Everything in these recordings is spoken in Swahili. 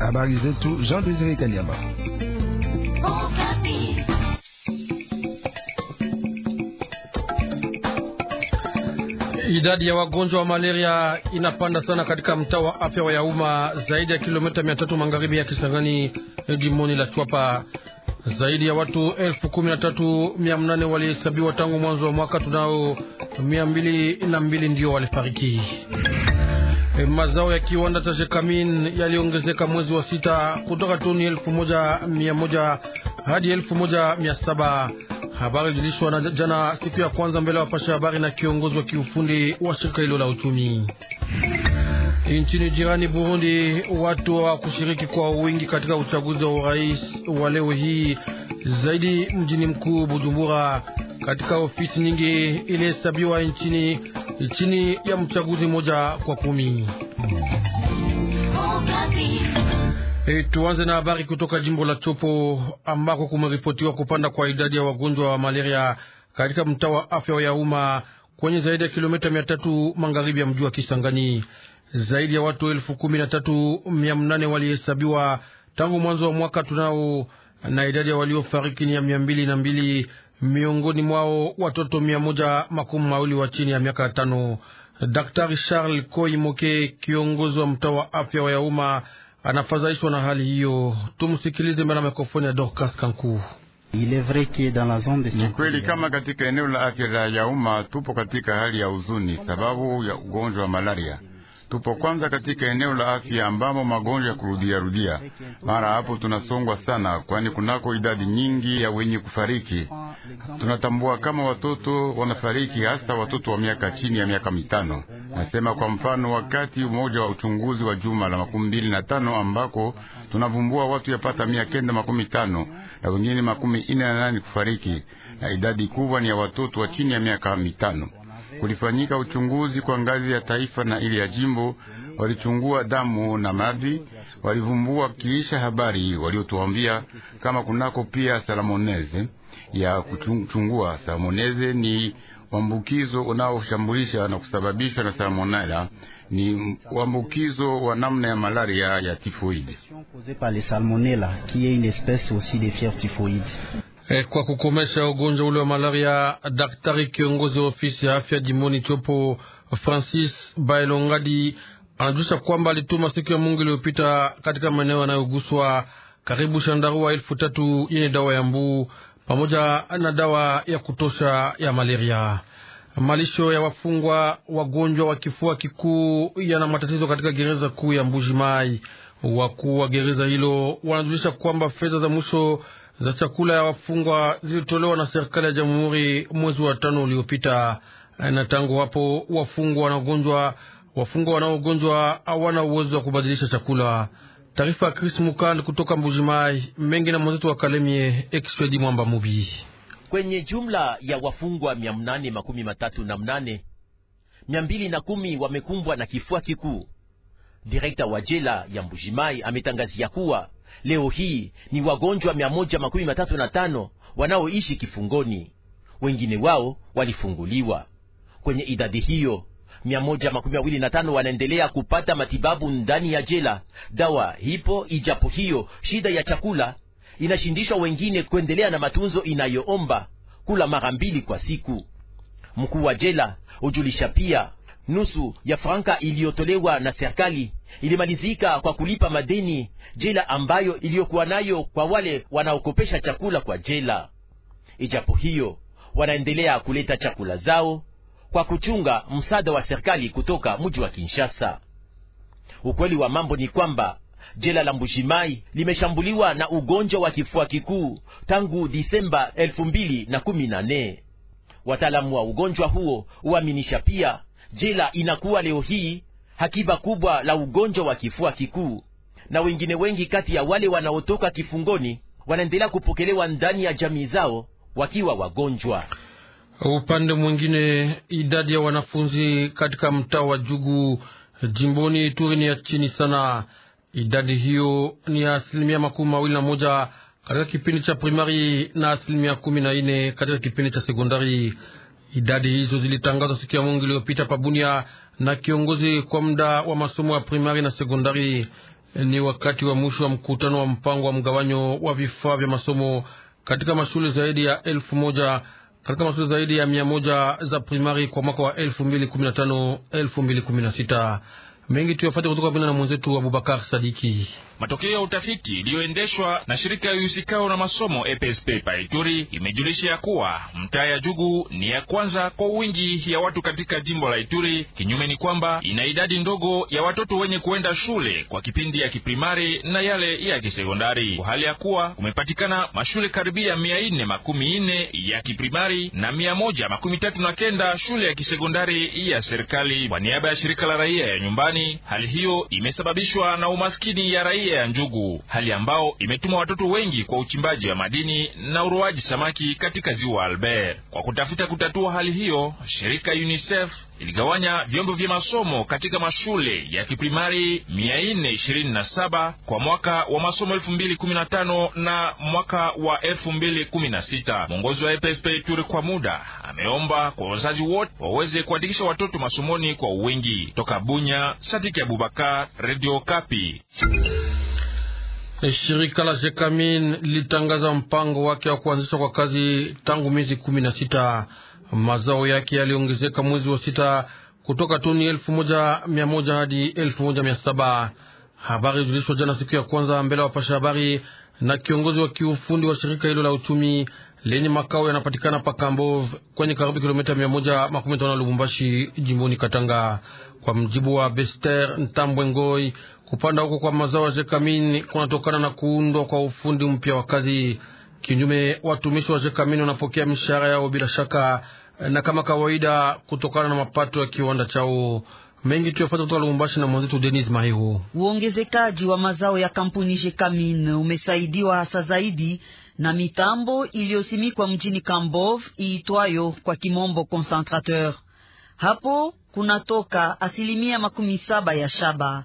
Habari zetu Jean Désiré Kanyama. Idadi ya wagonjwa wa malaria inapanda sana katika mtaa wa afya wa Yauma, zaidi ya kilomita 300 magharibi ya Kisangani, jimoni la Chwapa. Zaidi ya watu elfu mia walihesabiwa tangu mwanzo wa mwaka, tunao mia mbili na mbili ndio walifariki. Eh, mazao ya kiwanda cha Shekamin yaliongezeka mwezi wa sita kutoka toni elfu moja mia moja hadi elfu moja mia saba. Habari ilijulishwa na jana siku ya kwanza mbele ya wapasha habari na kiongozi wa kiufundi wa shirika hilo la uchumi. Nchini jirani Burundi, watu wa kushiriki kwa wingi katika uchaguzi wa urais wa leo hii, zaidi mjini mkuu Bujumbura katika ofisi nyingi ilihesabiwa nchini chini ya mchaguzi moja kwa kumi. E, tuanze na habari kutoka jimbo la Chopo ambako kumeripotiwa kupanda kwa idadi ya wagonjwa wa malaria katika mtaa wa afya ya umma kwenye zaidi ya kilomita mia tatu magharibi ya mji wa Kisangani. Zaidi ya watu elfu kumi na tatu mia mnane walihesabiwa tangu mwanzo wa mwaka tunao, na idadi ya waliofariki ni ya mia mbili na mbili miongoni mwao watoto mia moja makumi mawili wa chini ya miaka tano. Daktari Charles Koi Moke, kiongozi wa mtaa wa afya wa Yauma, anafadhaishwa na hali hiyo. Tumsikilize mbele ya mikrofoni ya Dorcas Kanku. Ni kweli kama katika eneo la afya la Yauma tupo katika hali ya huzuni sababu ya ugonjwa wa malaria. Tupo kwanza katika eneo la afya ambamo magonjwa ya kurudia rudia. Mara hapo tunasongwa sana, kwani kunako idadi nyingi ya wenye kufariki Tunatambua kama watoto wanafariki, hasa watoto wa miaka chini ya miaka mitano. Nasema kwa mfano, wakati umoja wa uchunguzi wa juma la makumi mbili na tano ambako tunavumbua watu yapata mia kenda makumi tano na wengine makumi ine na nane kufariki, na idadi kubwa ni ya watoto wa chini ya miaka mitano. Kulifanyika uchunguzi kwa ngazi ya taifa na ile ya jimbo, walichungua damu na mavi walivumbua kiisha habari waliotuambia kama kunako pia salmoneze ya kuchungua. Salmoneze ni uambukizo unaoshambulisha na kusababishwa na salmonela ni uambukizo wa namna ya malaria ya tifoidi. Eh, kwa kukomesha ugonjwa ule wa malaria, daktari kiongozi wa ofisi ya afya jimoni Chopo, Francis Bailongadi anajulisha kwamba alituma siku ya Mungu iliyopita katika maeneo yanayoguswa karibu shandarua elfu tatu yenye dawa ya mbuu pamoja na dawa ya kutosha ya malaria. Malisho ya wafungwa wagonjwa wa kifua kikuu yana matatizo katika gereza kuu ya Mbuji Mai. Wakuu wa gereza hilo wanajulisha kwamba fedha za mwisho za chakula ya wafungwa zilitolewa na serikali ya jamhuri mwezi wa tano uliopita, na tangu hapo wafungwa na wagonjwa wafungwa wanaogonjwa hawana uwezo wa kubadilisha chakula. Taarifa ya Chris Mukand kutoka Mbujimai mengi na mwenzetu wa Kalemie Expedi Mwamba Mubi. Kwenye jumla ya wafungwa mia 21 makumi matatu na mnane mia mbili na kumi wamekumbwa na kifua kikuu. Direkta wa jela ya Mbujimai ametangazia kuwa leo hii ni wagonjwa mia moja makumi matatu na tano wanaoishi kifungoni, wengine wao walifunguliwa. Kwenye idadi hiyo mia moja makumi mawili na tano wanaendelea kupata matibabu ndani ya jela. Dawa hipo, ijapo hiyo shida ya chakula inashindishwa wengine kuendelea na matunzo inayoomba kula mara mbili kwa siku. Mkuu wa jela hujulisha pia nusu ya franka iliyotolewa na serikali ilimalizika kwa kulipa madeni jela ambayo iliyokuwa nayo kwa wale wanaokopesha chakula kwa jela. Ijapo hiyo wanaendelea kuleta chakula zao kwa kuchunga msaada wa serikali kutoka mji wa Kinshasa. Ukweli wa mambo ni kwamba jela la Mbushimai limeshambuliwa na ugonjwa wa kifua kikuu tangu Disemba 2014. Wataalamu wa ugonjwa huo huaminisha pia jela inakuwa leo hii hakiba kubwa la ugonjwa wa kifua kikuu, na wengine wengi kati ya wale wanaotoka kifungoni wanaendelea kupokelewa ndani ya jamii zao wakiwa wagonjwa. Upande mwingine, idadi ya wanafunzi katika mtaa wa Jugu jimboni Ituri ni ya chini sana. Idadi hiyo ni ya asilimia makumi mawili na moja katika kipindi cha primari na asilimia kumi na nne katika kipindi cha sekondari. Idadi hizo zilitangazwa siku ya Mungu iliyopita Pabunia na kiongozi kwa muda wa masomo ya primari na sekondari. Ni wakati wa mwisho wa mkutano wa mpango wa mgawanyo wa vifaa vya masomo katika mashule zaidi ya elfu moja katika masomo zaidi ya mia moja za primari kwa mwaka wa elfu mbili kumi na tano elfu mbili kumi na sita mengi tuyafate kutoka vina na mwenzetu Abubakar Sadiki. Matokeo ya utafiti iliyoendeshwa na shirika ya yuhusikao na masomo EPSP Paituri imejulisha ya kuwa mtaa ya Jugu ni ya kwanza kwa wingi ya watu katika jimbo la Ituri. Kinyume ni kwamba ina idadi ndogo ya watoto wenye kuenda shule kwa kipindi ya kiprimari na yale ya kisekondari, kwa hali ya kuwa kumepatikana mashule karibia mia nne makumi nne ya kiprimari na mia moja makumi tatu na kenda shule ya kisekondari ya serikali. Kwa niaba ya shirika la raia ya nyumbani, hali hiyo imesababishwa na umaskini ya raia familia ya Njugu, hali ambao imetuma watoto wengi kwa uchimbaji wa madini na uroaji samaki katika ziwa Albert. Kwa kutafuta kutatua hali hiyo, shirika UNICEF iligawanya vyombo vya masomo katika mashule ya kiprimari 427 kwa mwaka wa masomo 2015 na mwaka wa 2016. Mwongozi wa EPSP ture kwa muda ameomba kwa wazazi wote waweze kuandikisha watoto masomoni kwa wingi. Toka Bunya, Sadiki Abubakar, Radio Kapi. Shirika la Jekamin litangaza mpango wake wa kuanzishwa kwa kazi tangu miezi kumi na sita. Mazao yake yaliongezeka mwezi wa sita kutoka toni elfu moja mia moja hadi elfu moja mia saba. Habari julishwa jana siku ya kwanza mbele ya wapasha habari na kiongozi wa kiufundi wa shirika hilo la uchumi lenye makao yanapatikana Pakambov kwenye karibu kilomita mia moja makumi tano na Lubumbashi jimboni Katanga, kwa mjibu wa Bester Ntambwe Ngoi. Kupanda huko kwa mazao ya Jekamin kunatokana na kuundwa kwa ufundi mpya wa kazi. Kinyume, watumishi wa Jekamin wanapokea mishahara yao bila shaka na kama kawaida kutokana na mapato ya kiwanda chao. Mengi tuyafata kutoka Lubumbashi na mwenzetu Denis Mahiu. Uongezekaji wa mazao ya kampuni Jekamin umesaidiwa hasa zaidi na mitambo iliyosimikwa mjini Kambov iitwayo kwa kimombo concentrateur. Hapo kunatoka asilimia makumi saba ya shaba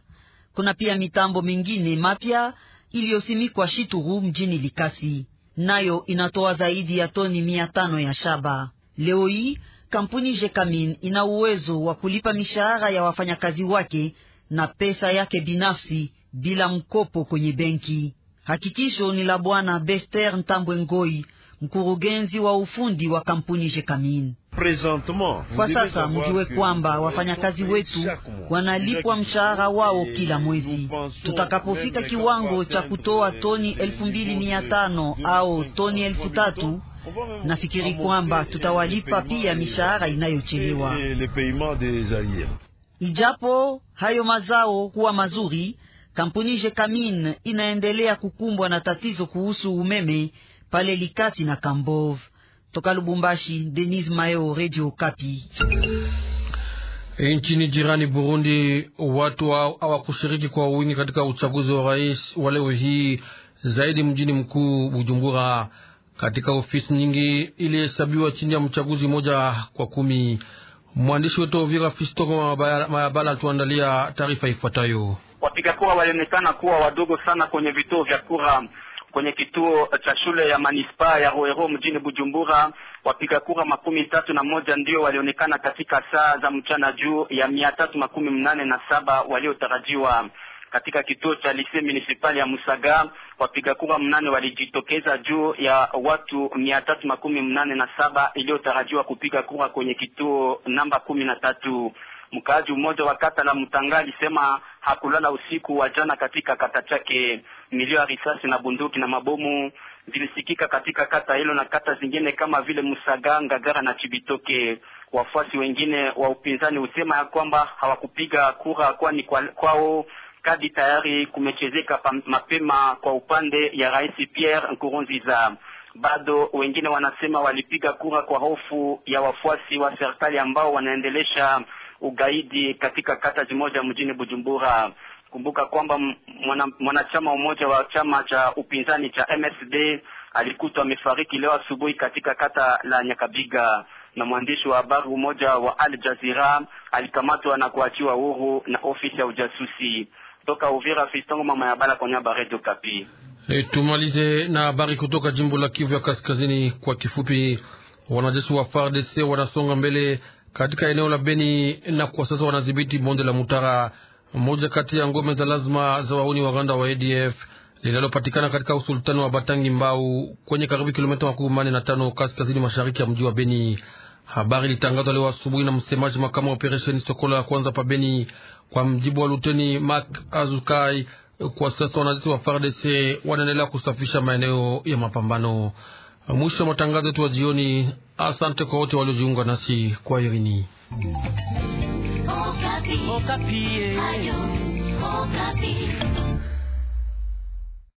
kuna pia mitambo mingine mapya iliyosimikwa Shituru mjini Likasi, nayo inatoa zaidi ya toni mia tano ya shaba. Leo hii kampuni Jekamin ina uwezo wa kulipa mishahara ya wafanyakazi wake na pesa yake binafsi bila mkopo kwenye benki. Hakikisho ni la Bwana Bester Ntambwe Ngoi, mkurugenzi wa ufundi wa kampuni Jekamin. Kwa sasa mjue kwamba wafanyakazi wetu wanalipwa mshahara wao kila mwezi. Tutakapofika kiwango cha kutoa toni elfu mbili mia tano au toni elfu tatu nafikiri kwamba tutawalipa pia mishahara inayochelewa. Ijapo hayo mazao kuwa mazuri, kampuni Jekamin inaendelea kukumbwa na tatizo kuhusu umeme pale Likasi na Kambove. Toka Lubumbashi, Denis Mayo, Radio Kapi. Nchini jirani Burundi, watu hawakushiriki kwa wingi katika uchaguzi wa rais wa leo hii, zaidi mjini mkuu Bujumbura. Katika ofisi nyingi ilihesabiwa chini ya mchaguzi moja kwa kumi. Mwandishi wetu Vira Fisto Mayabala, tuandalia taarifa ifuatayo. Wapiga kura walionekana kuwa wadogo sana kwenye vituo vya kura kwenye kituo cha shule ya manispaa ya Roero mjini Bujumbura. Wapiga kura makumi tatu na moja ndio walionekana katika saa za mchana juu ya mia tatu makumi mnane na saba waliotarajiwa katika kituo cha lise munisipali ya Musaga wapiga kura mnane walijitokeza juu ya watu mia tatu makumi mnane na saba iliyotarajiwa kupiga kura kwenye kituo namba kumi na tatu. Mkaaji mmoja wa kata la Mtanga alisema hakulala usiku wa jana katika kata chake milio ya risasi na bunduki na mabomu zilisikika katika kata hilo na kata zingine kama vile Musaga, Ngagara na Chibitoke. Wafuasi wengine wa upinzani husema ya kwamba hawakupiga kura kwani kwao kwa kadi tayari kumechezeka mapema kwa upande ya Rais Pierre Nkurunziza. Bado wengine wanasema walipiga kura kwa hofu ya wafuasi wa serikali ambao wanaendelesha ugaidi katika kata zimoja mjini Bujumbura. Kumbuka kwamba mwanachama mmoja wa chama cha upinzani cha MSD alikutwa amefariki leo asubuhi katika kata la Nyakabiga, na mwandishi wa habari mmoja wa Al Jazeera alikamatwa na kuachiwa huru na ofisi ya ujasusi toka Uvira. Fistongo mama ya bala kwenye habari Radio Kapi. Hey, tumalize na habari kutoka jimbo la Kivu ya Kaskazini. Kwa kifupi, wanajeshi wa FARDC wanasonga mbele katika eneo la Beni na kwa sasa wanadhibiti bonde la Mutara moja kati ya ngome za lazima za wauni wa Waganda wa ADF linalopatikana katika usultani wa Batangi Mbau kwenye karibu kilomita makumi manne na tano kaskazini mashariki ya mji wa Beni. Habari ilitangazwa leo asubuhi na msemaji makamu wa operesheni Sokola ya kwanza pa Beni. Kwa mjibu wa luteni Mark Azukai, kwa sasa wanajeshi wa FARDC wanaendelea kusafisha maeneo ya mapambano. Mwisho wa matangazo yetu wa jioni. Asante kwa wote waliojiunga nasi kwa irini. Mm. Okapi. Okapi. Eh.